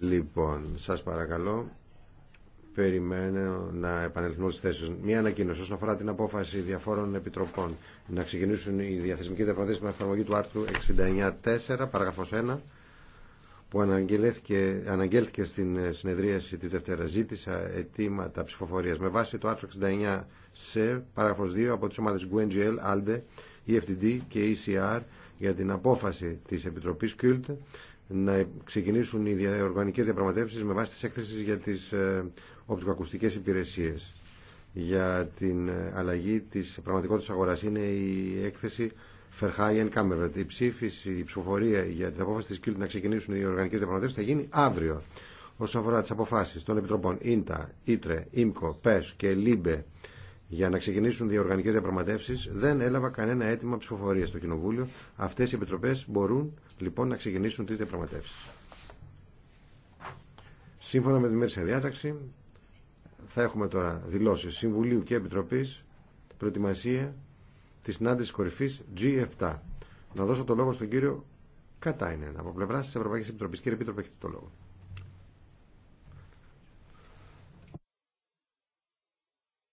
Λοιπόν, σα παρακαλώ, περιμένω να επανελθούν στι θέσεις. Μία ανακοίνωση όσον αφορά την απόφαση διαφόρων επιτροπών να ξεκινήσουν οι διαθεσμικέ διαπραγματεύσεις με εφαρμογή του άρθρου 69.4, παράγραφο 1, που αναγγέλθηκε, αναγγέλθηκε στην ε, συνεδρίαση τη Δευτέρα. Ζήτησα αιτήματα ψηφοφορία με βάση το άρθρο 69 σε παράγραφο 2 από τι ομάδε Γκουέντζιελ, Άλντε, EFTD και ECR για την απόφαση της Επιτροπής Κιούλτ να ξεκινήσουν οι οργανικές διαπραγματεύσεις με βάση τις έκθεσεις για τις ε, οπτικοακουστικές υπηρεσίες. Για την ε, αλλαγή της πραγματικότητας αγοράς είναι η έκθεση Φερχάιεν Κάμερβερτ. Η ψήφιση, η ψηφοφορία για την απόφαση της Κιούλτ να ξεκινήσουν οι οργανικές διαπραγματεύσεις θα γίνει αύριο. Όσον αφορά τις αποφάσεις των Επιτροπών ΙΝΤΑ, ΙΤΡΕ, ΙΜΚΟ, ΠΕΣ και ΛΥΜΠΕ για να ξεκινήσουν διοργανικές διαπραγματεύσει, δεν έλαβα κανένα αίτημα ψηφοφορία στο Κοινοβούλιο. Αυτέ οι επιτροπέ μπορούν λοιπόν να ξεκινήσουν τι διαπραγματεύσει. Σύμφωνα με τη μέρη διάταξη θα έχουμε τώρα δηλώσει Συμβουλίου και Επιτροπή, προετοιμασία τη συναντηση κορυφη κορυφής G7. Να δώσω το λόγο στον κύριο Κατάινεν από πλευρά τη Ευρωπαϊκή Επιτροπή. Κύριε Επίτροπε, έχετε το λόγο.